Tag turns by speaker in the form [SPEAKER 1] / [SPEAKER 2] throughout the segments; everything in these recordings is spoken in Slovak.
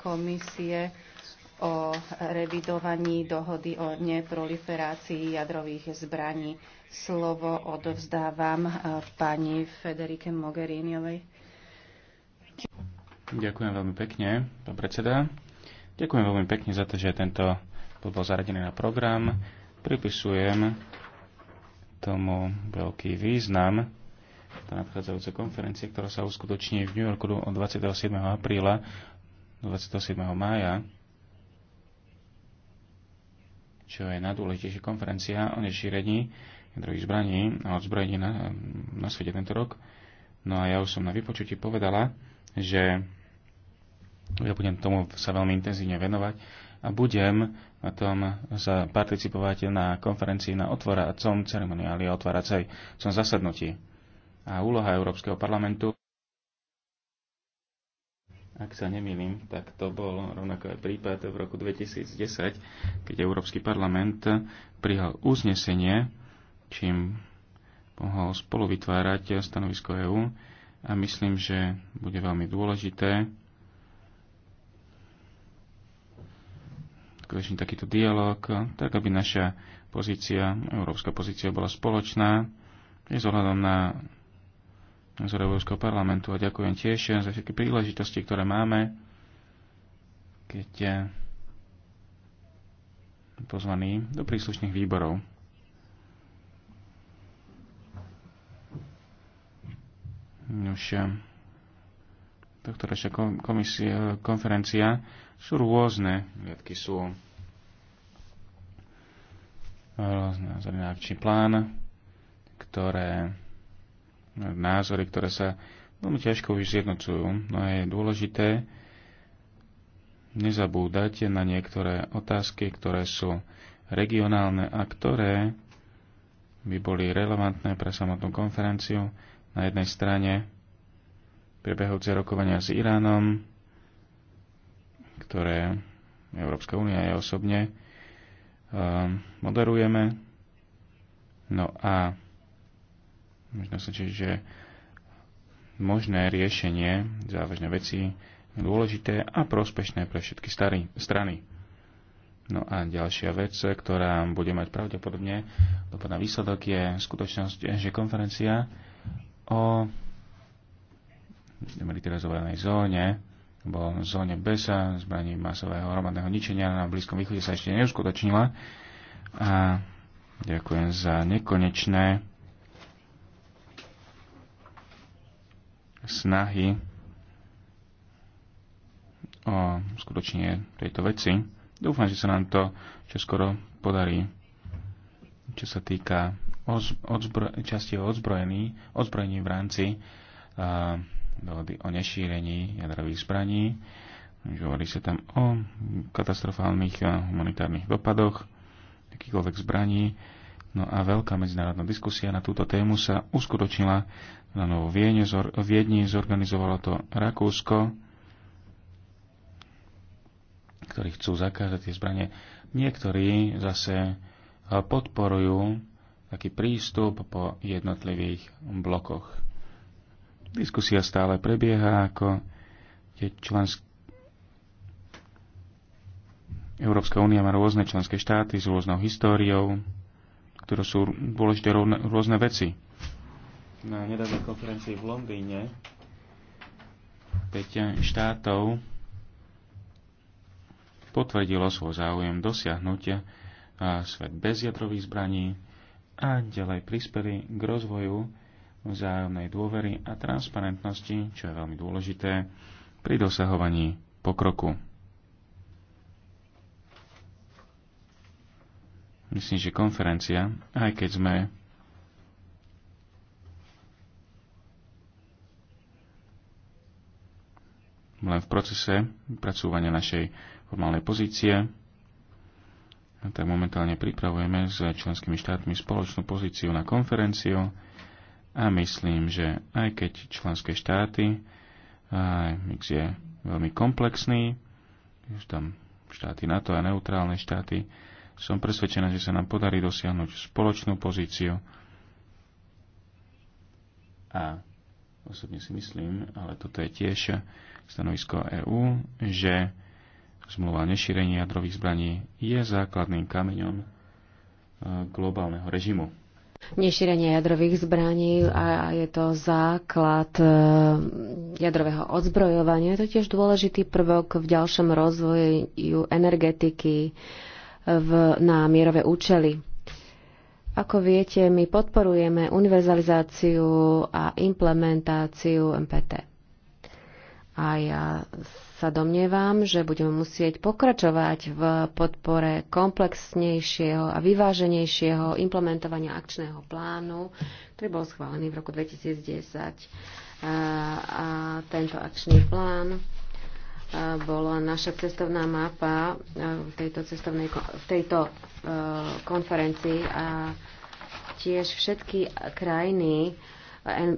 [SPEAKER 1] komisie o revidovaní dohody o neproliferácii jadrových zbraní. Slovo odovzdávam eh, pani Federike Mogheriniovej.
[SPEAKER 2] Ďakujem veľmi pekne, pán predseda. Ďakujem veľmi pekne za to, že tento bod bol zaradený na program. Pripisujem tomu veľký význam na nadchádzajúca konferencia, ktorá sa uskutoční v New Yorku od 27. apríla 27. mája, čo je najdôležitejšia konferencia o nešírení jadrových zbraní a odzbrojení na, na svete tento rok. No a ja už som na vypočutí povedala, že ja budem tomu sa veľmi intenzívne venovať a budem na tom sa participovať na konferencii na otváracom ceremoniáli a otváracej som zasadnutí. A úloha Európskeho parlamentu ak sa nemýlim, tak to bol rovnako aj prípad v roku 2010, keď Európsky parlament prihal uznesenie, čím mohol spolu vytvárať stanovisko EÚ a myslím, že bude veľmi dôležité takýto dialog, tak aby naša pozícia, európska pozícia bola spoločná, je zohľadom na z Európskeho parlamentu a ďakujem tiež za všetky príležitosti, ktoré máme, keď je pozvaný do príslušných výborov. Už eh, tohto eh, konferencia sú rôzne. Viedky sú rôzne, akčný plán, ktoré názory, ktoré sa veľmi ťažko už zjednocujú. No a je dôležité nezabúdať na niektoré otázky, ktoré sú regionálne a ktoré by boli relevantné pre samotnú konferenciu. Na jednej strane prebehujúce rokovania s Iránom, ktoré Európska únia je osobne eh, moderujeme. No a Možno sa čiže, že možné riešenie závažné veci je dôležité a prospešné pre všetky starý, strany. No a ďalšia vec, ktorá bude mať pravdepodobne dopad na výsledok, je skutočnosť, že konferencia o demilitarizovanej zóne alebo zóne bez zbraní masového hromadného ničenia na Blízkom východe sa ešte neuskutočnila. A ďakujem za nekonečné snahy o skutočne tejto veci. Dúfam, že sa nám to skoro podarí. Čo sa týka odzbro- časti odzbrojení, odzbrojení v rámci dohody o nešírení jadrových zbraní, hovorí sa tam o katastrofálnych humanitárnych dopadoch akýchkoľvek zbraní. No a veľká medzinárodná diskusia na túto tému sa uskutočnila na Novo zor- Viedni zorganizovalo to Rakúsko, ktorí chcú zakázať tie zbranie. Niektorí zase e, podporujú taký prístup po jednotlivých blokoch. Diskusia stále prebieha, ako tie členské Európska únia má rôzne členské štáty s rôznou históriou, ktoré sú dôležité rôzne veci na nedávnej konferencii v Londýne 5 štátov potvrdilo svoj záujem dosiahnuť eh, svet bez jadrových zbraní a ďalej prispeli k rozvoju vzájomnej dôvery a transparentnosti, čo je veľmi dôležité pri dosahovaní pokroku. Myslím, že konferencia, aj keď sme len v procese pracovania našej formálnej pozície. Tak momentálne pripravujeme s členskými štátmi spoločnú pozíciu na konferenciu a myslím, že aj keď členské štáty, mix je veľmi komplexný, už tam štáty NATO a neutrálne štáty, som presvedčená, že sa nám podarí dosiahnuť spoločnú pozíciu a osobne si myslím, ale toto je tiež stanovisko EÚ, že zmluva nešírenia jadrových zbraní je základným kameňom e, globálneho režimu.
[SPEAKER 3] Nešírenie jadrových zbraní a je to základ e, jadrového odzbrojovania. Je to tiež dôležitý prvok v ďalšom rozvoji energetiky e, v, na mierové účely. Ako viete, my podporujeme univerzalizáciu a implementáciu MPT. A ja sa domnievam, že budeme musieť pokračovať v podpore komplexnejšieho a vyváženejšieho implementovania akčného plánu, ktorý bol schválený v roku 2010. A tento akčný plán bola naša cestovná mapa v tejto, cestovnej, v tejto e, konferencii a tiež všetky krajiny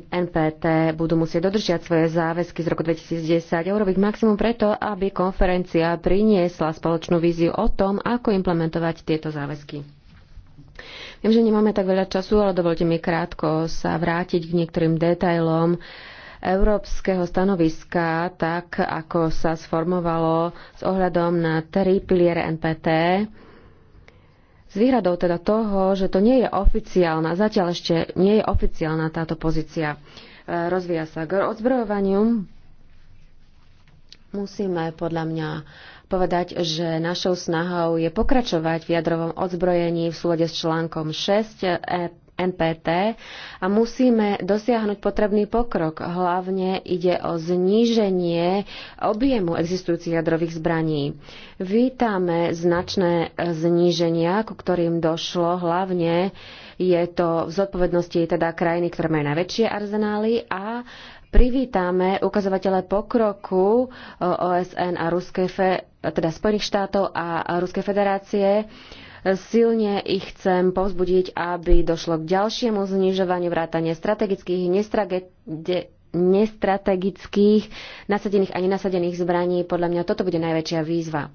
[SPEAKER 3] NPT budú musieť dodržiať svoje záväzky z roku 2010 a urobiť maximum preto, aby konferencia priniesla spoločnú víziu o tom, ako implementovať tieto záväzky. Viem, že nemáme tak veľa času, ale dovolte mi krátko sa vrátiť k niektorým detailom európskeho stanoviska, tak ako sa sformovalo s ohľadom na tri piliere NPT s výhradou teda toho, že to nie je oficiálna, zatiaľ ešte nie je oficiálna táto pozícia. E, rozvíja sa k odzbrojovaniu. Musíme podľa mňa povedať, že našou snahou je pokračovať v jadrovom odzbrojení v súlade s článkom 6 EP NPT a musíme dosiahnuť potrebný pokrok. Hlavne ide o zníženie objemu existujúcich jadrových zbraní. Vítame značné zníženia, ku ktorým došlo. Hlavne je to v zodpovednosti teda krajiny, ktoré majú najväčšie arzenály a privítame ukazovatele pokroku eh, OSN a Ruskej, teda Spojených štátov a Ruskej federácie Silne ich chcem povzbudiť, aby došlo k ďalšiemu znižovaniu vrátane strategických, nestrategických, nasadených a nenasadených zbraní. Podľa mňa toto bude najväčšia výzva.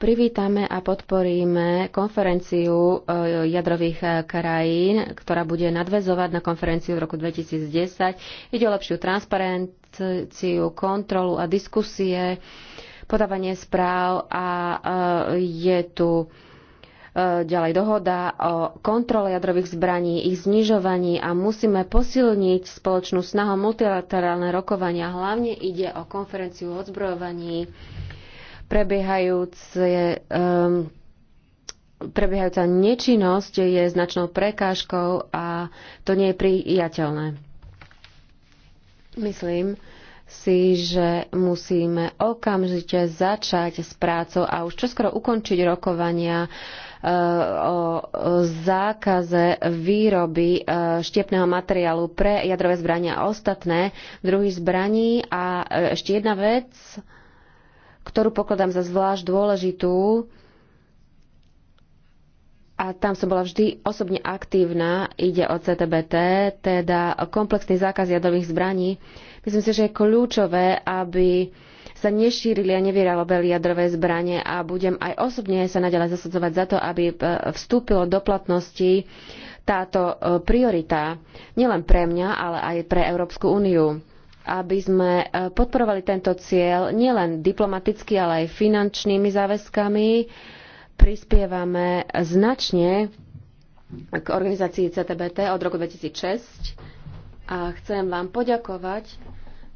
[SPEAKER 3] Privítame a podporíme konferenciu e, jadrových e, krajín, ktorá bude nadvezovať na konferenciu v roku 2010. Ide o lepšiu transparenciu, kontrolu a diskusie podávanie správ a e, je tu e, ďalej dohoda o kontrole jadrových zbraní, ich znižovaní a musíme posilniť spoločnú snahu multilaterálne rokovania. Hlavne ide o konferenciu o odzbrojovaní prebiehajúce um, prebiehajúca nečinnosť je značnou prekážkou a to nie je prijateľné. Myslím, si, že musíme okamžite začať s prácou a už čoskoro ukončiť rokovania e, o zákaze výroby e, štiepného materiálu pre jadrové zbrania a ostatné druhy zbraní. A e, ešte jedna vec, ktorú pokladám za zvlášť dôležitú, a tam som bola vždy osobne aktívna, ide o CTBT, teda komplexný zákaz jadrových zbraní Myslím si, že je kľúčové, aby sa nešírili a nevyralobeli jadrové zbranie a budem aj osobne sa naďalej zasadzovať za to, aby e, vstúpilo do platnosti táto e, priorita nielen pre mňa, ale aj pre Európsku úniu aby sme e, podporovali tento cieľ nielen diplomaticky, ale aj finančnými záväzkami. Prispievame značne k organizácii CTBT od roku 2006 a chcem vám poďakovať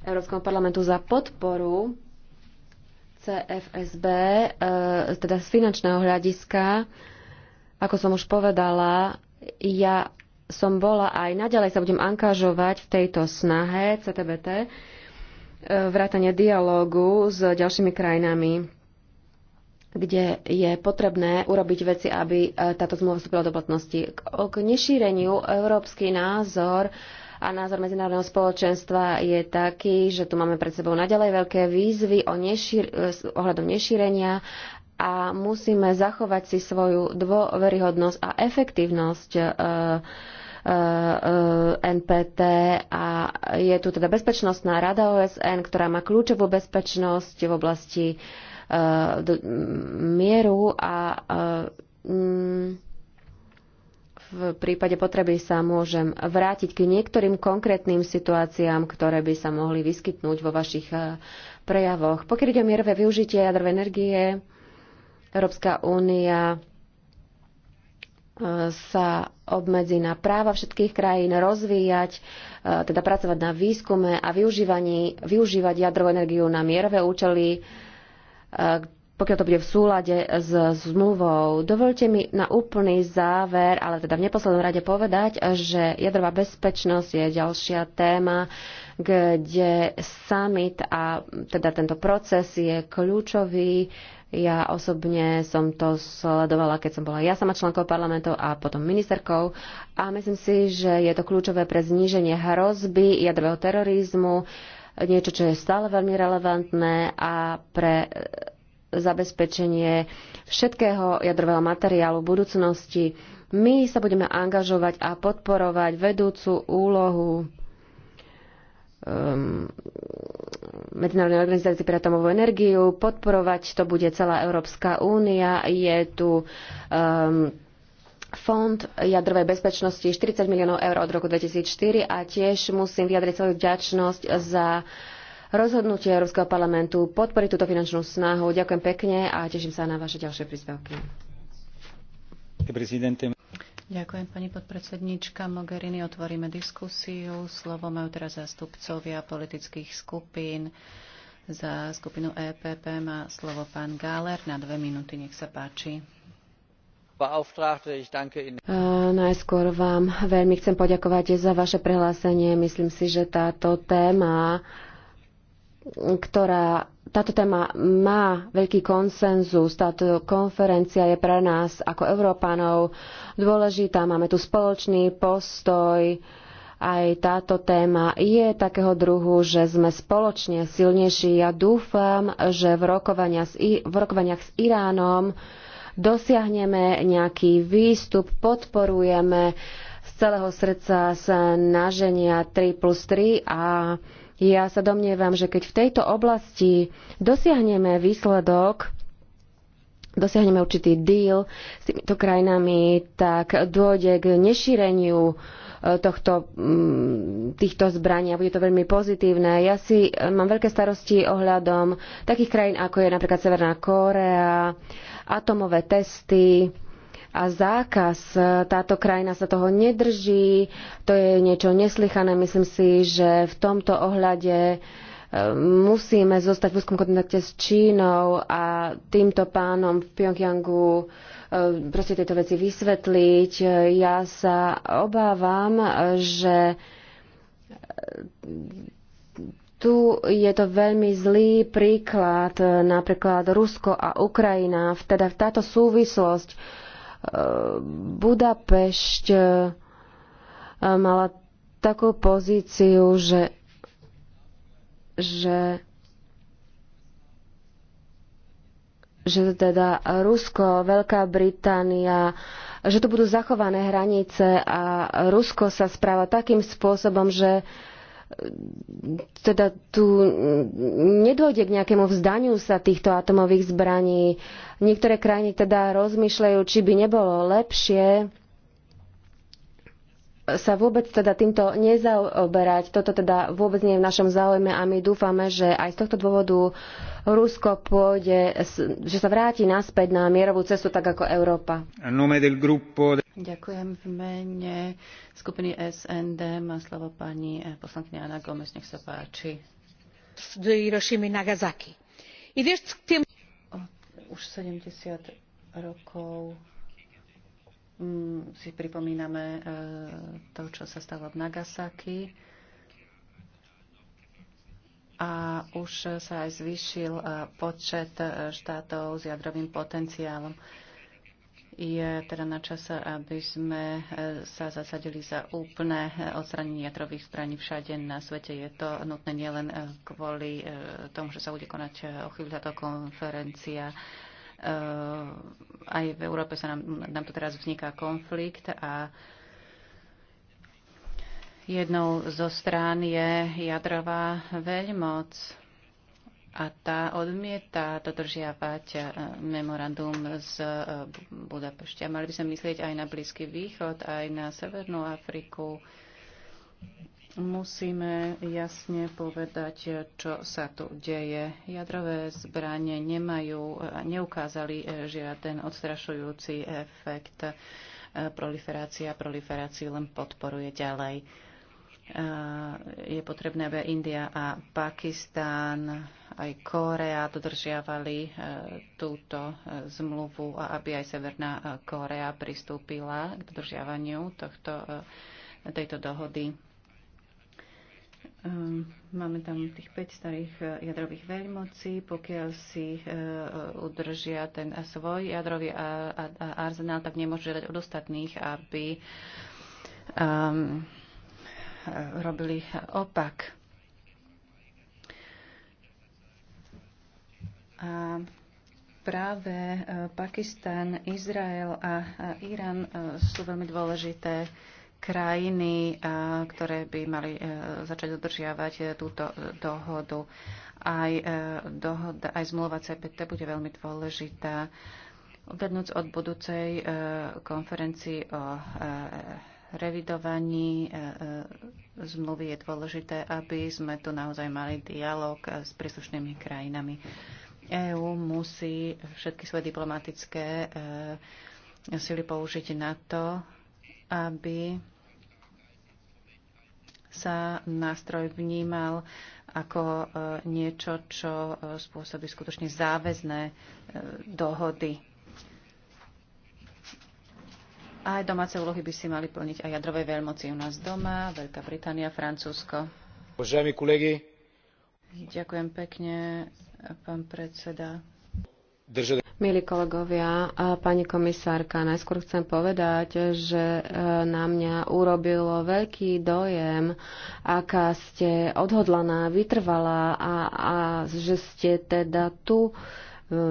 [SPEAKER 3] Európskom parlamentu za podporu CFSB, e, teda z finančného hľadiska. Ako som už povedala, ja som bola aj naďalej sa budem angažovať v tejto snahe CTBT, e, vrátanie dialógu s ďalšími krajinami, kde je potrebné urobiť veci, aby e, táto zmluva vstúpila do platnosti. K nešíreniu európsky názor a názor medzinárodného spoločenstva je taký, že tu máme pred sebou naďalej veľké výzvy o nešir, ohľadom nešírenia a musíme zachovať si svoju dôveryhodnosť a efektívnosť e, e, e NPT a je tu teda Bezpečnostná rada OSN, ktorá má kľúčovú bezpečnosť v oblasti e, mieru a v prípade potreby sa môžem vrátiť k niektorým konkrétnym situáciám, ktoré by sa mohli vyskytnúť vo vašich eh, prejavoch. Pokiaľ ide o mierové využitie jadrovej energie, Európska únia eh, sa obmedzí na práva všetkých krajín rozvíjať, eh, teda pracovať na výskume a využívať jadrovú energiu na mierové účely pokiaľ to bude v súlade s zmluvou. Dovolte mi na úplný záver, ale teda v neposlednom rade povedať, že jadrová bezpečnosť je ďalšia téma, kde summit a teda tento proces je kľúčový. Ja osobne som to sledovala, keď som bola ja sama členkou parlamentu a potom ministerkou a myslím si, že je to kľúčové pre zníženie hrozby jadrového terorizmu, niečo, čo je stále veľmi relevantné a pre zabezpečenie všetkého jadrového materiálu v budúcnosti. My sa budeme angažovať a podporovať vedúcu úlohu um, Medzinárodnej organizácie pre atomovú energiu. Podporovať to bude celá Európska únia. Je tu um, Fond jadrovej bezpečnosti 40 miliónov eur od roku 2004 a tiež musím vyjadriť svoju vďačnosť za uh, rozhodnutie Európskeho parlamentu podporiť túto finančnú snahu. Ďakujem pekne a teším sa na vaše ďalšie príspevky.
[SPEAKER 1] Ďakujem, pani podpredsednička Mogherini. Otvoríme diskusiu. Slovo majú teraz zástupcovia politických skupín. Za skupinu EPP má slovo pán Gáler na dve minúty. Nech sa páči.
[SPEAKER 3] Najskôr vám veľmi chcem poďakovať za vaše prehlásenie. Myslím si, že táto téma ktorá táto téma má veľký konsenzus, táto konferencia je pre nás ako Európanov dôležitá, máme tu spoločný postoj, aj táto téma je takého druhu, že sme spoločne silnejší. Ja dúfam, že v, rokovania s, v rokovaniach s Iránom dosiahneme nejaký výstup, podporujeme z celého srdca naženia 3 plus 3 a ja sa domnievam, že keď v tejto oblasti dosiahneme výsledok, dosiahneme určitý deal s týmito krajinami, tak dôjde k nešíreniu e, tohto, mm, týchto zbraní a bude to veľmi pozitívne. Ja si e, mám veľké starosti ohľadom takých krajín, ako je napríklad Severná Kórea, atomové testy, a zákaz. E, táto krajina sa toho nedrží, to je niečo neslychané. Myslím si, že v tomto ohľade e, musíme zostať v úzkom kontakte s Čínou a týmto pánom v Pyongyangu e, proste tieto veci vysvetliť. Ja sa obávam, že tu je to veľmi zlý príklad, napríklad Rusko a Ukrajina. Teda táto súvislosť Budapešť e, mala takú pozíciu, že, že že teda Rusko, Veľká Británia, že tu budú zachované hranice a Rusko sa správa takým spôsobom, že uh, teda tu nedôjde k nejakému vzdaniu sa týchto atomových zbraní. Niektoré krajiny teda rozmýšľajú, či by nebolo lepšie sa vôbec teda týmto nezaoberať. Toto teda vôbec nie je v našom záujme a my dúfame, že aj z tohto dôvodu Rusko pôjde, že sa vráti naspäť na mierovú cestu, tak ako Európa.
[SPEAKER 1] Ďakujem v mene skupiny SND. Má slovo pani eh, poslankyňa Ana Gomes, nech sa páči. Nagasaki. Už 70 rokov Mm, si pripomíname e, to, čo sa stalo v Nagasaki. A už sa aj zvýšil e, počet e, štátov s jadrovým potenciálom. Je teda na čase, aby sme sa zasadili za úplné odstranenie jadrových zbraní všade na svete. Je to nutné nielen kvôli tomu, že sa bude konať o chvíľu táto konferencia Eh, aj v Európe sa nám, nám to teraz vzniká konflikt a jednou zo strán je jadrová veľmoc a tá odmieta dodržiavať eh, memorandum z eh, Budapešťa. Mali by sme myslieť aj na Blízky východ, aj na Severnú Afriku. Musíme jasne povedať, čo sa tu deje. Jadrové zbranie nemajú neukázali žiaden odstrašujúci efekt. Proliferácia proliferáciu len podporuje ďalej je potrebné, aby India a Pakistán, aj Kórea dodržiavali eh, túto eh, zmluvu a aby aj Severná eh, Kórea pristúpila k dodržiavaniu tohto, tejto dohody. Ehm, máme tam tých 5 starých eh, jadrových veľmocí, pokiaľ si eh, udržia ten svoj jadrový arzenál, tak nemôžu žiadať od ostatných, aby ehm, eh, robili opak. A práve Pakistan, Izrael a Irán sú veľmi dôležité krajiny, eh, ktoré by mali eh, začať dodržiavať eh, túto dohodu. Aj, dohoda, aj zmluva CPT bude veľmi dôležitá. Odhľadnúc od budúcej konferencii o revidovaní zmluvy je dôležité, aby sme tu naozaj mali dialog s príslušnými krajinami. EÚ musí všetky svoje diplomatické sily použiť na to, aby sa nástroj vnímal ako e, niečo, čo e, spôsobí skutočne záväzné e, dohody. Aj domáce úlohy by si mali plniť aj jadrové veľmoci u nás doma, Veľká Británia, Francúzsko. Ďakujem pekne, pán predseda. Milí kolegovia, pani komisárka,
[SPEAKER 3] najskôr chcem povedať, že e, na mňa urobilo veľký dojem, aká ste odhodlaná, vytrvalá a, a že ste teda tu e,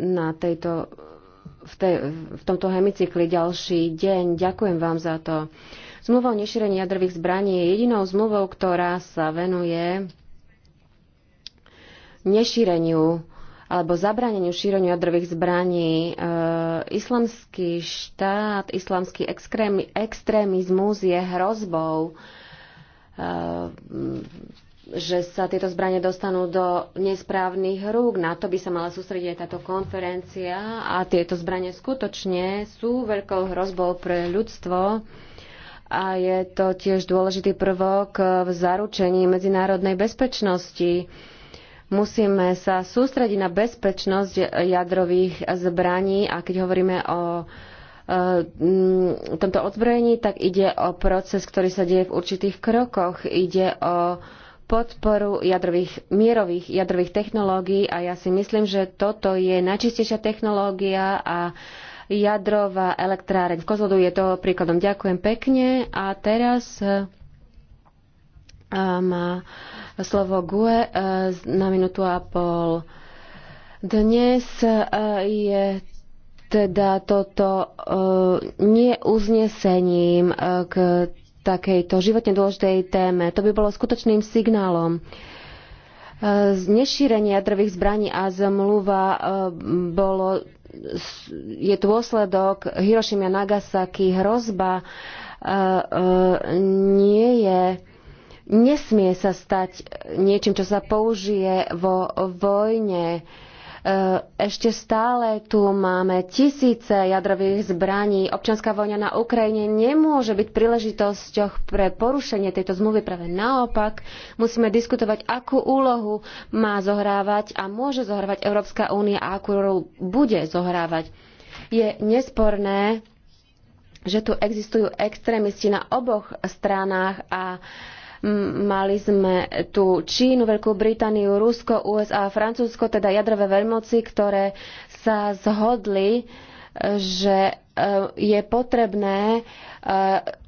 [SPEAKER 3] na tejto, v, tej, v tomto hemicykli ďalší deň. Ďakujem vám za to. Zmluva o nešírení jadrových zbraní je jedinou zmluvou, ktorá sa venuje nešíreniu alebo zabraneniu šíreniu jadrových zbraní. E, islamský štát, islamský extrémi, extrémizmus je hrozbou, e, že sa tieto zbranie dostanú do nesprávnych rúk. Na to by sa mala sústrediť aj táto konferencia a tieto zbranie skutočne sú veľkou hrozbou pre ľudstvo a je to tiež dôležitý prvok v zaručení medzinárodnej bezpečnosti. Musíme sa sústrediť na bezpečnosť jadrových zbraní a keď hovoríme o e, tomto odzbrojení, tak ide o proces, ktorý sa deje v určitých krokoch. Ide o podporu jadrových, mierových jadrových technológií a ja si myslím, že toto je najčistejšia technológia a jadrová elektráreň v Kozlodu je toho príkladom. Ďakujem pekne a teraz e, má slovo GUE e, na minútu a pol. Dnes e, je teda toto e, neuznesením k takejto životne dôležitej téme. To by bolo skutočným signálom. nešírenia jadrových zbraní a zmluva bolo, je dôsledok Hirošimia Nagasaki. Hrozba nie je nesmie sa stať eh, niečím, čo sa použije vo vojne. Eh, ešte stále tu máme tisíce jadrových zbraní. Občianská vojna na Ukrajine nemôže byť príležitosťou pre porušenie tejto zmluvy. Práve naopak musíme diskutovať, akú úlohu má zohrávať a môže zohrávať Európska únia a akú úlohu bude zohrávať. Je nesporné, že tu existujú extrémisti na oboch stranách a Mali sme tu Čínu, Veľkú Britániu, Rusko, USA a Francúzsko, teda jadrové veľmoci, ktoré sa zhodli, e, že e, je potrebné e,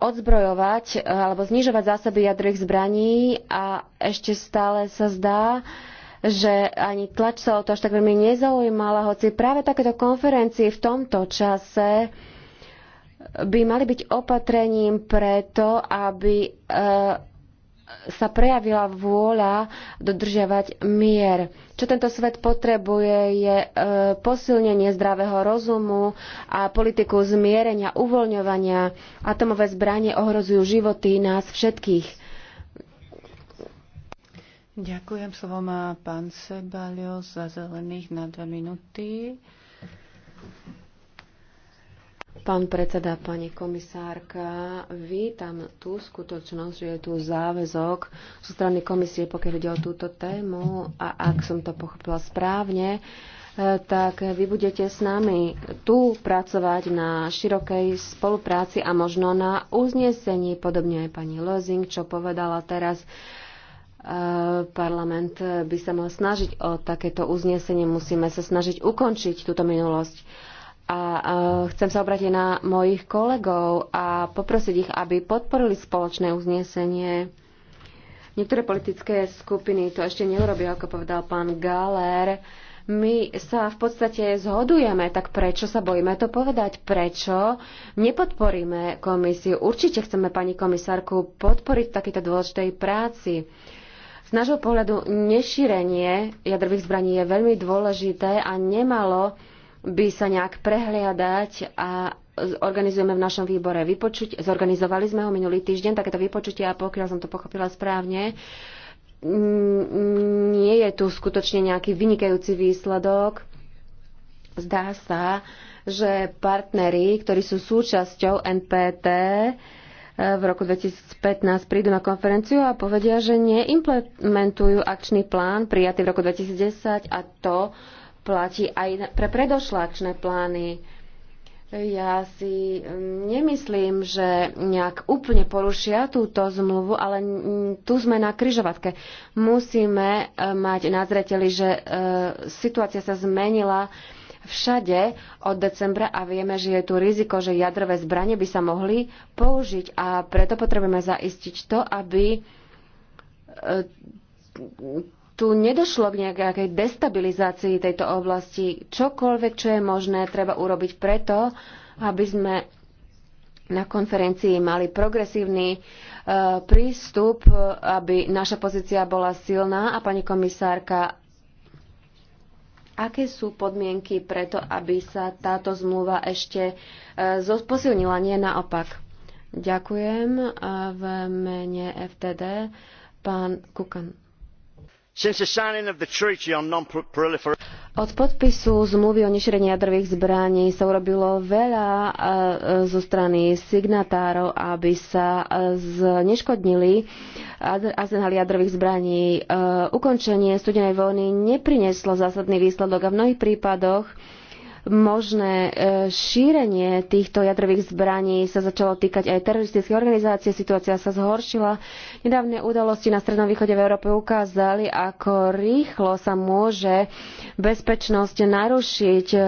[SPEAKER 3] odzbrojovať alebo znižovať zásoby jadrových zbraní a ešte stále sa zdá, že ani tlač sa o to až tak veľmi nezaujímala, hoci práve takéto konferencie v tomto čase by mali byť opatrením preto, aby sa prejavila vôľa dodržiavať mier. Čo tento svet potrebuje je e, posilnenie zdravého rozumu a politiku zmierenia, uvoľňovania. Atomové zbranie ohrozujú životy nás všetkých.
[SPEAKER 1] Ďakujem. Slovo má pán Sebalio za zelených na dve minúty.
[SPEAKER 3] Pán predseda, pani komisárka, vítam tú skutočnosť, že je tu záväzok zo strany komisie, pokiaľ ide o túto tému a ak som to pochopila správne, e, tak vy budete s nami tu pracovať na širokej spolupráci a možno na uznesení, podobne aj pani Lozing, čo povedala teraz e, parlament by sa mal snažiť o takéto uznesenie. Musíme sa snažiť ukončiť túto minulosť a e, chcem sa obrátiť na mojich kolegov a poprosiť ich, aby podporili spoločné uznesenie. Niektoré politické skupiny to ešte neurobia, ako povedal pán Galer. My sa v podstate zhodujeme, tak prečo sa bojíme to povedať? Prečo nepodporíme komisiu? Určite chceme pani komisárku podporiť v takejto dôležitej práci. Z nášho pohľadu nešírenie jadrových zbraní je veľmi dôležité a nemalo by sa nejak prehliadať a organizujeme v našom výbore vypočuť. Zorganizovali sme ho minulý týždeň, takéto vypočutie a pokiaľ som to pochopila správne, nie je tu skutočne nejaký vynikajúci výsledok. Zdá sa, že partnery, ktorí sú súčasťou NPT, e, v roku 2015 prídu na konferenciu a povedia, že neimplementujú akčný plán prijatý v roku 2010 a to platí aj pre predošlačné plány. Ja si mm, nemyslím, že nejak úplne porušia túto zmluvu, ale tu sme na kryžovatke. Musíme e, mať na zreteli, že e, situácia sa zmenila všade od decembra a vieme, že je tu riziko, že jadrové zbranie by sa mohli použiť a preto potrebujeme zaistiť to, aby e, tu nedošlo k nejakej destabilizácii tejto oblasti. Čokoľvek, čo je možné, treba urobiť preto, aby sme na konferencii mali progresívny e, prístup, aby naša pozícia bola silná. A pani komisárka, aké sú podmienky preto, aby sa táto zmluva ešte e, posilnila, nie naopak? Ďakujem v mene FTD. Pán Kukan. Od podpisu zmluvy o nešírení jadrových zbraní sa urobilo veľa e, e, zo strany signatárov, aby sa e, zneškodnili arzenály jadrových zbraní. Ukončenie studenej vojny neprineslo zásadný výsledok a v mnohých prípadoch možné e, šírenie týchto jadrových zbraní sa začalo týkať aj teroristických organizácie. Situácia sa zhoršila. Nedávne udalosti na Strednom východe v Európe ukázali, ako rýchlo sa môže bezpečnosť narušiť. E,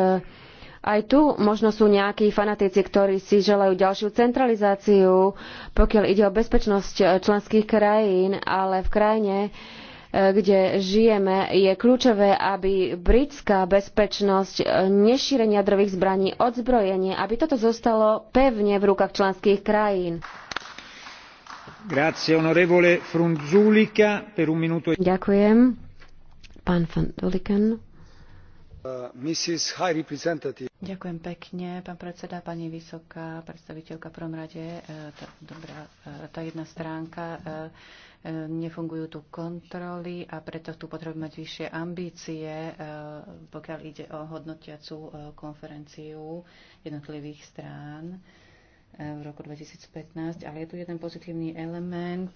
[SPEAKER 3] aj tu možno sú nejakí fanatici, ktorí si želajú ďalšiu centralizáciu, pokiaľ ide o bezpečnosť členských krajín, ale v krajine, kde žijeme, je kľúčové, aby britská bezpečnosť, e, nešírenie jadrových zbraní, odzbrojenie, aby toto zostalo pevne v rukách členských krajín. Grazie, e- Ďakujem.
[SPEAKER 1] Pán van Duliken. Uh, Ďakujem pekne, pán predseda, pani vysoká predstaviteľka. V prvom rade eh, tá, dobrá, eh, tá jedna stránka eh, nefungujú tu kontroly a preto tu potrebujeme mať vyššie ambície, e, pokiaľ ide o hodnotiacu e, konferenciu jednotlivých strán e, v roku 2015. Ale je tu jeden pozitívny element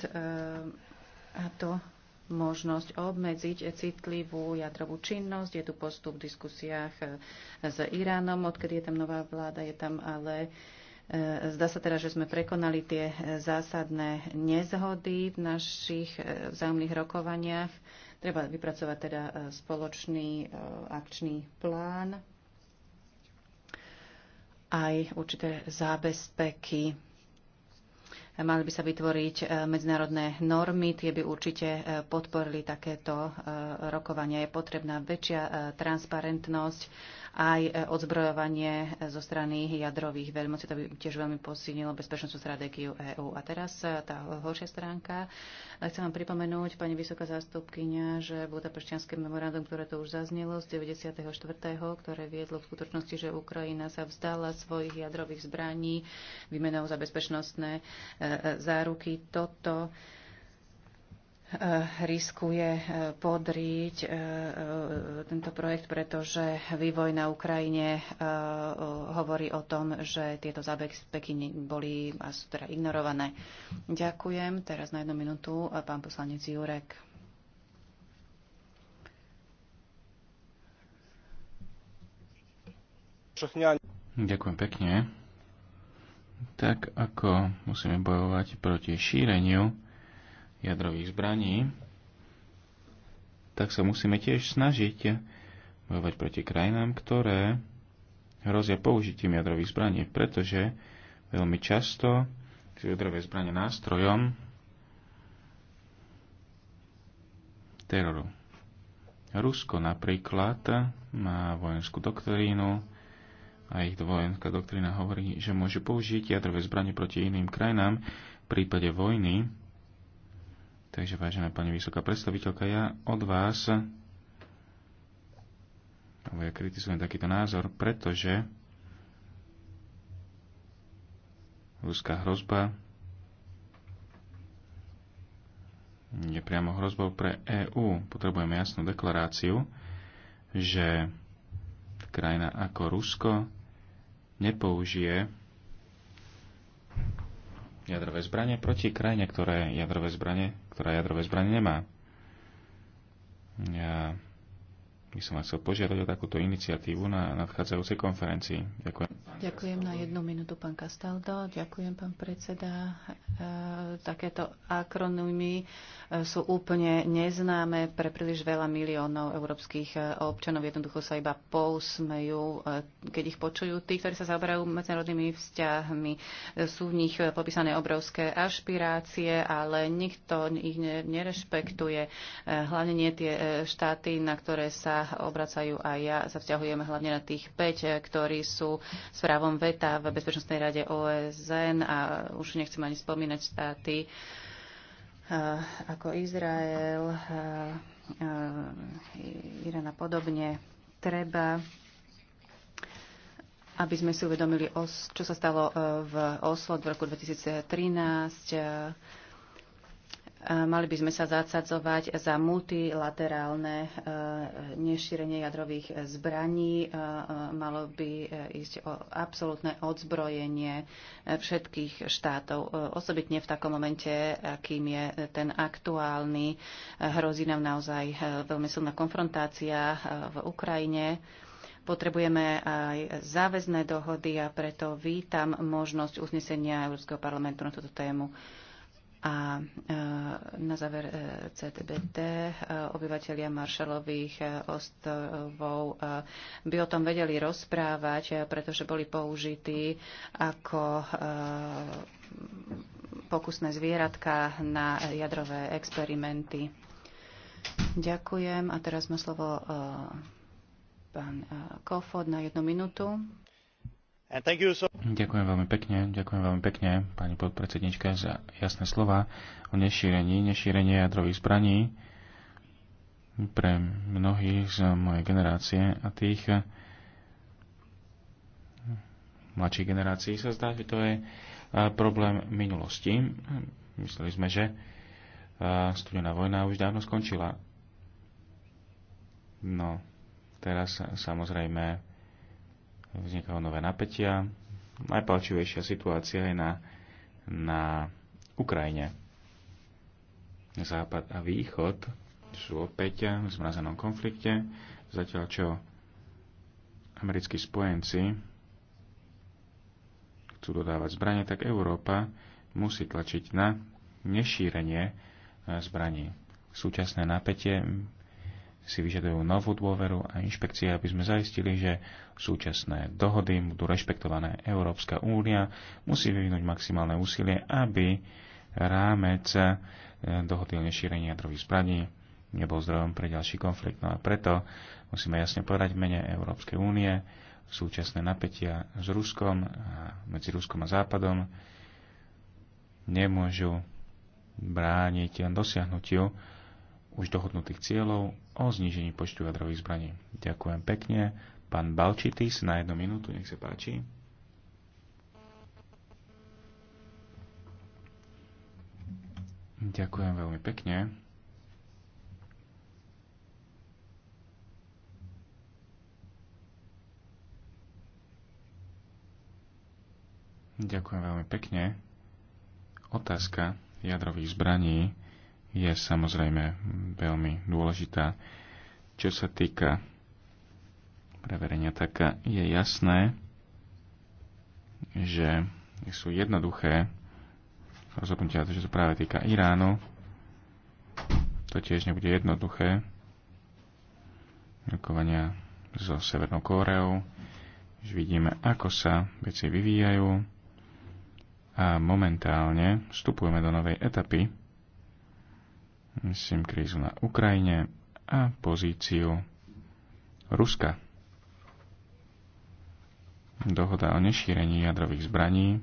[SPEAKER 1] a to možnosť obmedziť citlivú jadrovú činnosť. Je tu postup v diskusiách s Iránom, odkedy je tam nová vláda, je tam ale E, zdá sa teda, že sme prekonali tie e, zásadné nezhody v našich e, vzájomných rokovaniach. Treba vypracovať teda spoločný akčný plán, aj určité zábezpeky. Mali by sa vytvoriť medzinárodné normy, tie by určite podporili takéto rokovania. Je potrebná väčšia transparentnosť aj e, odzbrojovanie e, zo strany jadrových veľmocí. To by tiež veľmi posilnilo bezpečnostnú stratégiu EÚ. A teraz e, tá horšia stránka. Chcem vám pripomenúť, pani vysoká zástupkynia, že Budapešťanské memorandum, ktoré tu už zaznelo z 94., ktoré viedlo v skutočnosti, že Ukrajina sa vzdala svojich jadrových zbraní výmenou za bezpečnostné záruky. Toto Eh, riskuje eh, podriť eh, tento projekt, pretože vývoj na Ukrajine hovorí o tom, že tieto zábeky boli a sú teda ignorované. Ďakujem. Teraz na jednu minútu pán poslanec Jurek.
[SPEAKER 2] Ďakujem pekne. Tak ako musíme bojovať proti šíreniu, jadrových zbraní, tak sa musíme tiež snažiť bojovať proti krajinám, ktoré hrozia použitím jadrových zbraní, pretože veľmi často sú jadrové zbranie nástrojom teroru. Rusko napríklad má vojenskú doktrínu a ich vojenská doktrína hovorí, že môže použiť jadrové zbranie proti iným krajinám v prípade vojny, Takže, vážená pani vysoká predstaviteľka, ja od vás alebo ja kritizujem takýto názor, pretože ruská hrozba je priamo hrozbou pre EÚ. Potrebujeme jasnú deklaráciu, že krajina ako Rusko nepoužije jadrové zbranie proti krajine, ktoré jadrové zbranie ktorá jadrové zbranie nemá. Ja by som vás chcel požiadať o takúto iniciatívu na nadchádzajúcej konferencii. Ďakujem.
[SPEAKER 1] Ďakujem na jednu minútu, pán Castaldo. Ďakujem, pán predseda. E, takéto akronymy e, sú úplne neznáme pre príliš veľa miliónov európskych e, občanov. Jednoducho sa iba pousmejú, keď ich počujú. Tí, ktorí sa zaoberajú medzinárodnými vzťahmi, sú v nich popísané obrovské ašpirácie, ale nikto ich nerešpektuje. Hlavne nie tie štáty, na ktoré sa obracajú a ja sa vzťahujem hlavne na tých 5, eh, ktorí sú s právom veta v Bezpečnostnej rade OSN a už nechcem ani spomínať štáty eh, ako Izrael, eh, Irán a podobne. Treba aby sme si uvedomili, čo sa stalo v Oslo v roku 2013 Mali by sme sa zasadzovať za multilaterálne e, nešírenie jadrových zbraní. E, e, malo by ísť o absolútne odzbrojenie všetkých štátov. Osobitne v takom momente, akým je ten aktuálny, hrozí nám naozaj veľmi silná konfrontácia v Ukrajine. Potrebujeme aj záväzné dohody a preto vítam možnosť uznesenia Európskeho parlamentu na túto tému. A e, na záver e, CTBT e, obyvateľia Maršalových ostrovov by o tom vedeli rozprávať, pretože boli použití ako pokusné zvieratka na jadrové experimenty. Ďakujem. A teraz má slovo pán Kofod na jednu minútu ďakujem
[SPEAKER 2] veľmi pekne, ďakujem veľmi pekne, pani podpredsednička, za jasné slova o nešírení, nešírenie jadrových zbraní pre mnohých z mojej generácie a tých mladších generácií sa zdá, že to je problém minulosti. Mysleli sme, že studená vojna už dávno skončila. No, teraz samozrejme vznikajú nové napätia. Najpalčivejšia situácia je na, na Ukrajine. Západ a východ sú opäť v zmrazenom konflikte, zatiaľ čo americkí spojenci chcú dodávať zbranie, tak Európa musí tlačiť na nešírenie zbraní. Súčasné napätie si vyžadujú novú dôveru a inšpekcie, aby sme zaistili, že súčasné dohody budú rešpektované. Európska únia musí vyvinúť maximálne úsilie, aby rámec eh, dohody o nešírení jadrových zbraní nebol zdrojom pre ďalší konflikt. No a preto musíme jasne povedať mene Európskej únie súčasné napätia s Ruskom a medzi Ruskom a Západom nemôžu brániť dosiahnutiu už dohodnutých cieľov o znížení počtu jadrových zbraní. Ďakujem pekne. Pán Balčitis na jednu minútu, nech sa páči. Ďakujem veľmi pekne. Ďakujem veľmi pekne. Otázka jadrových zbraní je samozrejme veľmi dôležitá. Čo sa týka preverenia, tak je jasné, že sú jednoduché rozhodnutia, že sa práve týka Iránu. To tiež nebude jednoduché. Rokovania so Severnou Kóreou. Už vidíme, ako sa veci vyvíjajú. A momentálne vstupujeme do novej etapy myslím, krízu na Ukrajine a pozíciu Ruska. Dohoda o nešírení jadrových zbraní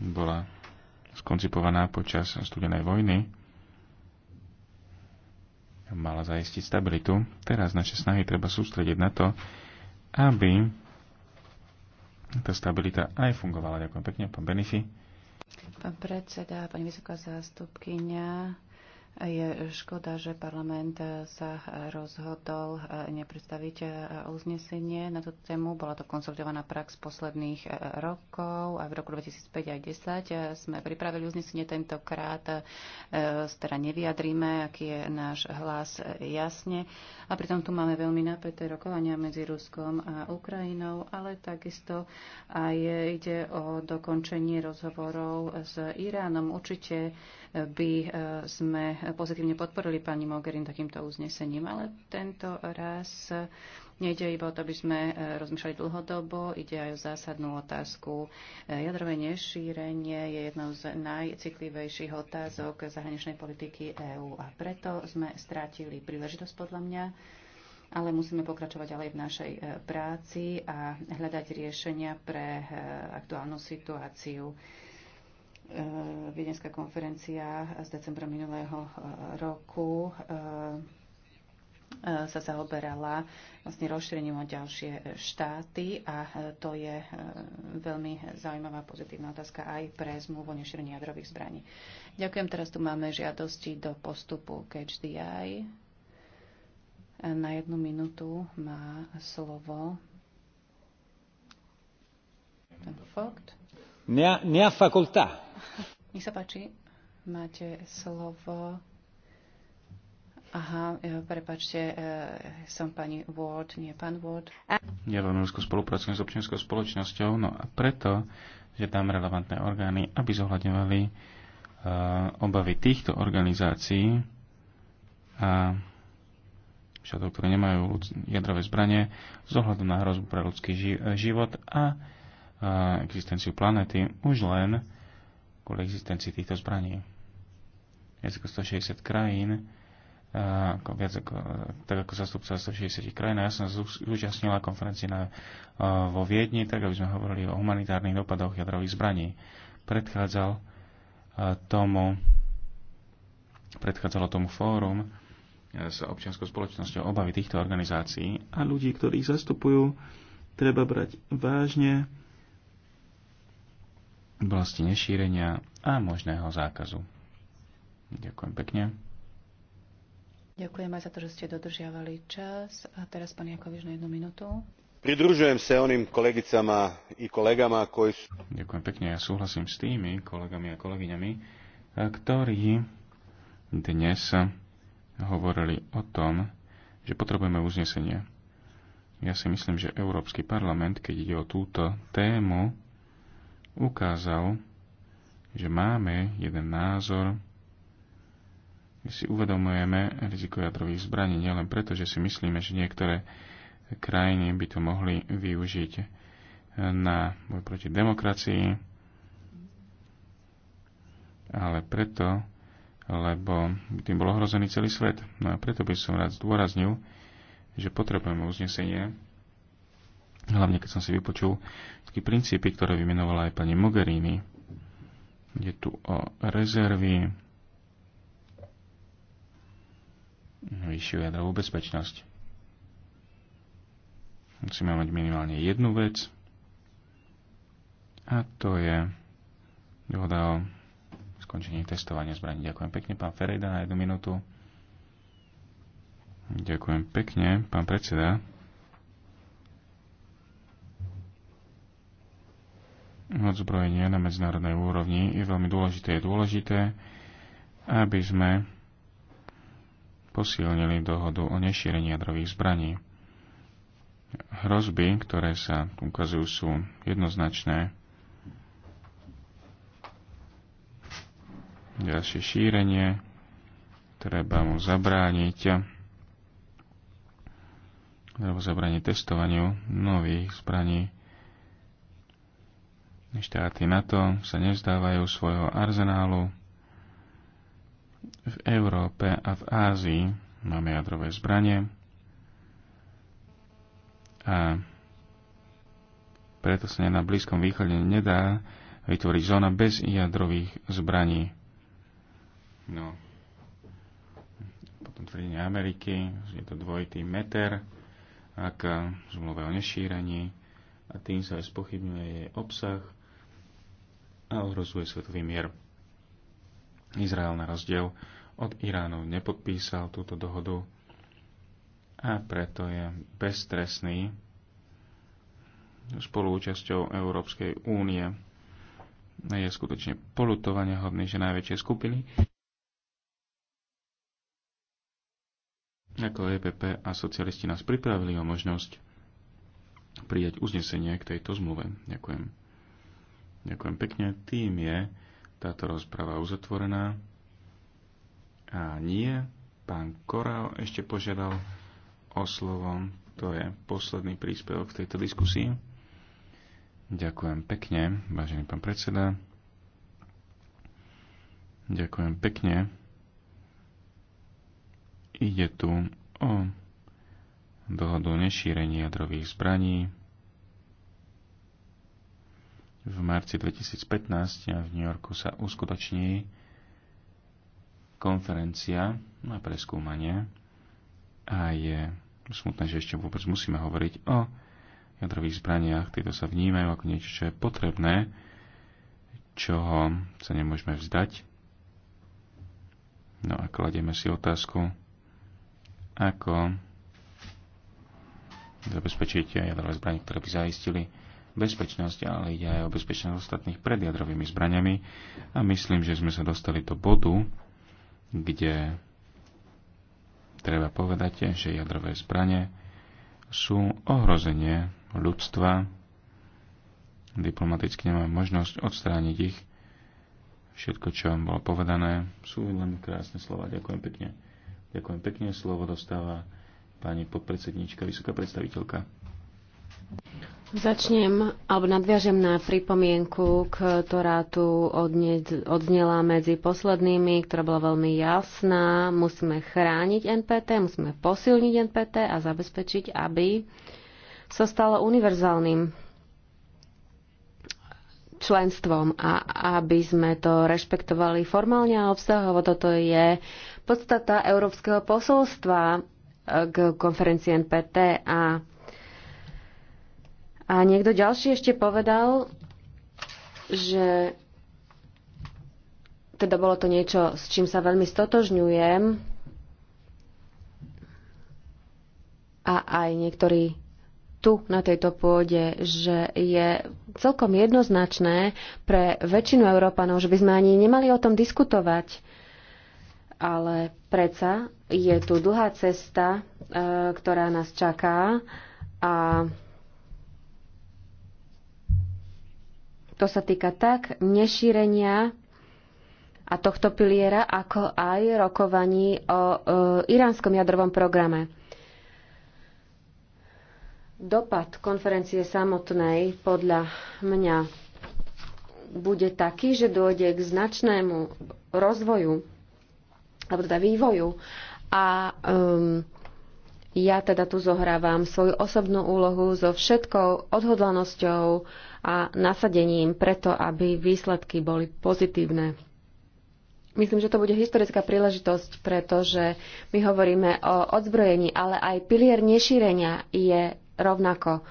[SPEAKER 2] bola skoncipovaná počas studenej vojny mala zaistiť stabilitu. Teraz naše snahy treba sústrediť na to, aby tá stabilita aj fungovala. Ďakujem pekne, pán Benefi.
[SPEAKER 1] Pán predseda, pani vysoká zástupkynia, je škoda, že parlament sa rozhodol e, nepredstaviť e, uznesenie na tú tému. Bola to konsolidovaná prax posledných e, rokov a v roku 2005 a 2010 sme pripravili uznesenie tentokrát. Teda nevyjadríme, aký je náš hlas jasne. A pritom tu máme veľmi napäté rokovania medzi Ruskom a Ukrajinou, ale takisto aj ide o dokončenie rozhovorov s Iránom. Určite by sme pozitívne podporili pani Mogherin takýmto uznesením, ale tento raz nejde iba o to, aby sme e, rozmýšľali dlhodobo, ide aj o zásadnú otázku. E, jadrové nešírenie je jednou z najcitlivejších otázok zahraničnej politiky EÚ a preto sme strátili príležitosť podľa mňa ale musíme pokračovať ďalej v našej e, práci a hľadať riešenia pre aktuálnu situáciu. Eh, Viedenská konferencia z decembra minulého eh, roku eh, sa zaoberala vlastne rozšírením o ďalšie štáty a to je veľmi zaujímavá pozitívna otázka aj pre zmluvu o nešírení jadrových zbraní. Ďakujem, teraz tu máme žiadosti do postupu CatchDI. Na jednu minútu má slovo ten fakt.
[SPEAKER 2] Ne, ne fakulta.
[SPEAKER 1] Nech sa páči, máte slovo. Aha, e, prepačte, e, som pani Ward, nie pán Ward.
[SPEAKER 2] Ja veľmi úzko spolupracujem s občianskou spoločnosťou, no a preto, že tam relevantné orgány, aby zohľadňovali e, obavy týchto organizácií a všetko, ktoré nemajú jadrové zbranie, z ohľadu na hrozbu pre ľudský život a existenciu planéty, už len kvôli existencii týchto zbraní. Viac ako 160 krajín, ako, viac ako, tak ako zastupca 160 krajín. Ja som zúčastnila konferencii na, vo Viedni, tak aby sme hovorili o humanitárnych dopadoch jadrových zbraní. Predchádzal tomu predchádzalo tomu fórum s občianskou spoločnosťou obavy týchto organizácií a ľudí, ktorých zastupujú, treba brať vážne oblasti nešírenia a možného zákazu. Ďakujem pekne.
[SPEAKER 1] Ďakujem aj za to, že ste dodržiavali čas. A teraz pán Jakoviš na jednu minútu. Pridružujem sa oným kolegicama i kolegama, koji sú...
[SPEAKER 2] Ďakujem pekne, ja súhlasím s tými kolegami a kolegyňami, ktorí dnes hovorili o tom, že potrebujeme uznesenie. Ja si myslím, že Európsky parlament, keď ide o túto tému, ukázal, že máme jeden názor, kde si uvedomujeme riziko jadrových zbraní, nielen preto, že si myslíme, že niektoré krajiny by to mohli využiť na boj proti demokracii, ale preto, lebo by tým bol ohrozený celý svet. No a preto by som rád zdôraznil, že potrebujeme uznesenie Hlavne, keď som si vypočul také princípy, ktoré vymenovala aj pani Mogherini. Je tu o rezervy, vyššiu jadrovú bezpečnosť. Musíme mať minimálne jednu vec, a to je dohoda o skončení testovania zbraní. Ďakujem pekne, pán Ferejda, na jednu minútu. Ďakujem pekne, pán predseda. odzbrojenie na medzinárodnej úrovni je veľmi dôležité. Je dôležité, aby sme posilnili dohodu o nešírení jadrových zbraní. Hrozby, ktoré sa ukazujú, sú jednoznačné. Ďalšie šírenie, treba mu zabrániť, treba zabrániť testovaniu nových zbraní Štáty NATO sa nevzdávajú svojho arzenálu. V Európe a v Ázii máme jadrové zbranie a preto sa na Blízkom východe nedá vytvoriť zóna bez jadrových zbraní. No. Potom tvrdenie Ameriky, že je to dvojitý meter, ak zmluve o nešírení a tým sa aj spochybňuje jej obsah, a ohrozuje svetový mier. Izrael na rozdiel od Iránu nepodpísal túto dohodu a preto je beztresný spoluúčasťou Európskej únie. Je skutočne polutovania hodný, že najväčšie skupiny ako EPP a socialisti nás pripravili o možnosť prijať uznesenie k tejto zmluve. Ďakujem. Ďakujem pekne. Tým je táto rozprava uzatvorená. A nie, pán Korál ešte požiadal o slovo. To je posledný príspevok v tejto diskusii. Ďakujem pekne, vážený pán predseda. Ďakujem pekne. Ide tu o dohodu nešírenie jadrových zbraní v marci 2015 v New Yorku sa uskutoční konferencia na preskúmanie a je smutné, že ešte vôbec musíme hovoriť o jadrových zbraniach. Tieto sa vnímajú ako niečo, čo je potrebné, čoho sa nemôžeme vzdať. No a kladieme si otázku, ako zabezpečiť jadrové zbranie, ktoré by zaistili bezpečnosť, ale ide aj o bezpečnosť ostatných pred jadrovými zbraniami. A myslím, že sme sa dostali do bodu, kde treba povedať, že jadrové zbranie sú ohrozenie ľudstva. Diplomaticky nemáme možnosť odstrániť ich. Všetko, čo vám bolo povedané, sú len krásne slova. Ďakujem pekne. Ďakujem pekne. Slovo dostáva pani podpredsedníčka, vysoká predstaviteľka.
[SPEAKER 3] Začnem alebo nadviažem na pripomienku, ktorá tu odne, odznela medzi poslednými, ktorá bola veľmi jasná. Musíme chrániť NPT, musíme posilniť NPT a zabezpečiť, aby sa stalo univerzálnym členstvom a aby sme to rešpektovali formálne a obsahovo. Toto je podstata európskeho posolstva eh, k konferencii NPT a a niekto ďalší ešte povedal, že teda bolo to niečo, s čím sa veľmi stotožňujem a aj niektorí tu na tejto pôde, že je celkom jednoznačné pre väčšinu Európanov, že by sme ani nemali o tom diskutovať. Ale predsa je tu dlhá cesta, e, ktorá nás čaká a To sa týka tak nešírenia a tohto piliera, ako aj rokovaní o e, iránskom jadrovom programe. Dopad konferencie samotnej podľa mňa bude taký, že dôjde k značnému rozvoju alebo teda vývoju a um, ja teda tu zohrávam svoju osobnú úlohu so všetkou odhodlanosťou, a nasadením preto, aby výsledky boli pozitívne. Myslím, že to bude historická príležitosť, pretože my hovoríme o odzbrojení, ale aj pilier nešírenia je rovnako e,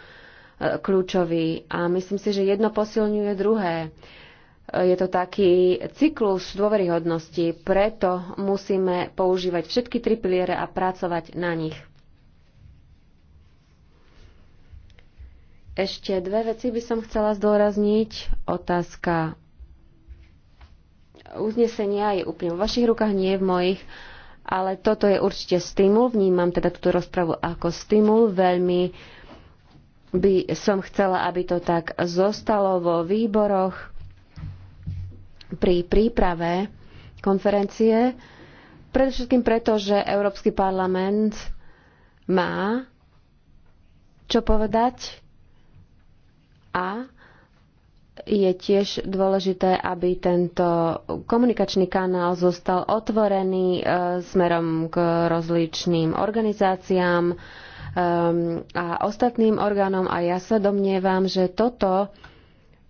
[SPEAKER 3] kľúčový a myslím si, že jedno posilňuje druhé. Je to taký cyklus dôveryhodnosti, preto musíme používať všetky tri piliere a pracovať na nich. Ešte dve veci by som chcela zdôrazniť. Otázka uznesenia je úplne v vašich rukách, nie v mojich, ale toto je určite stimul. Vnímam teda túto rozpravu ako stimul. Veľmi by som chcela, aby to tak zostalo vo výboroch pri príprave konferencie. Predovšetkým preto, že Európsky parlament má čo povedať a je tiež dôležité, aby tento komunikačný kanál zostal otvorený e, smerom k rozličným organizáciám e, a ostatným orgánom. A ja sa domnievam, že toto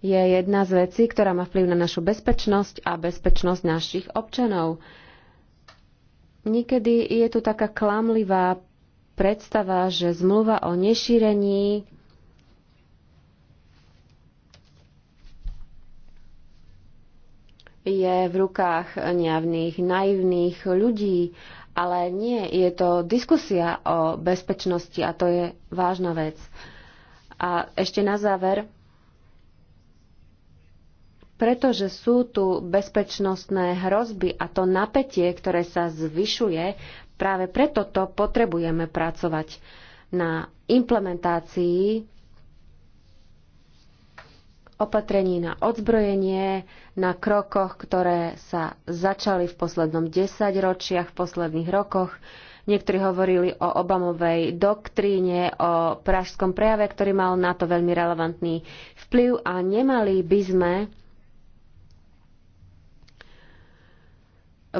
[SPEAKER 3] je jedna z vecí, ktorá má vplyv na našu bezpečnosť a bezpečnosť našich občanov. Niekedy je tu taká klamlivá predstava, že zmluva o nešírení je v rukách nejavných, naivných ľudí, ale nie, je to diskusia o bezpečnosti a to je vážna vec. A ešte na záver, pretože sú tu bezpečnostné hrozby a to napätie, ktoré sa zvyšuje, práve preto to potrebujeme pracovať na implementácii opatrení na odzbrojenie, na krokoch, ktoré sa začali v poslednom desaťročiach, v posledných rokoch. Niektorí hovorili o Obamovej doktríne, o pražskom prejave, ktorý mal na to veľmi relevantný vplyv a nemali by sme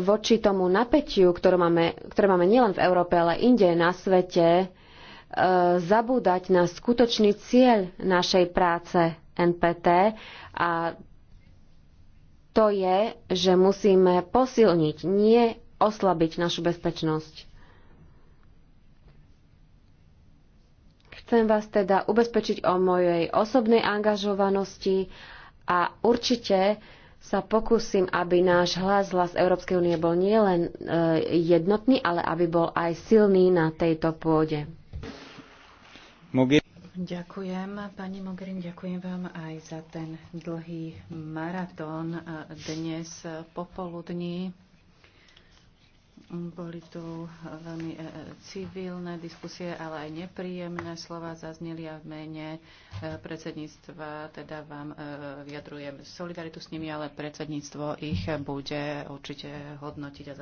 [SPEAKER 3] voči tomu napätiu, ktoré máme, ktoré máme nielen v Európe, ale inde na svete, e, zabúdať na skutočný cieľ našej práce NPT a to je, že musíme posilniť, nie oslabiť našu bezpečnosť. Chcem vás teda ubezpečiť o mojej osobnej angažovanosti a určite sa pokúsim, aby náš hlas, hlas Európskej únie bol nielen e, jednotný, ale aby bol aj silný na tejto pôde.
[SPEAKER 2] Mogherini.
[SPEAKER 1] Ďakujem, pani Mogherin, ďakujem vám aj za ten dlhý maratón dnes popoludní. Boli tu veľmi e, e, civilné diskusie, ale aj nepríjemné slova zazneli a v mene e, predsedníctva. Teda vám vyjadrujem solidaritu s nimi, ale predsedníctvo ich bude určite hodnotiť a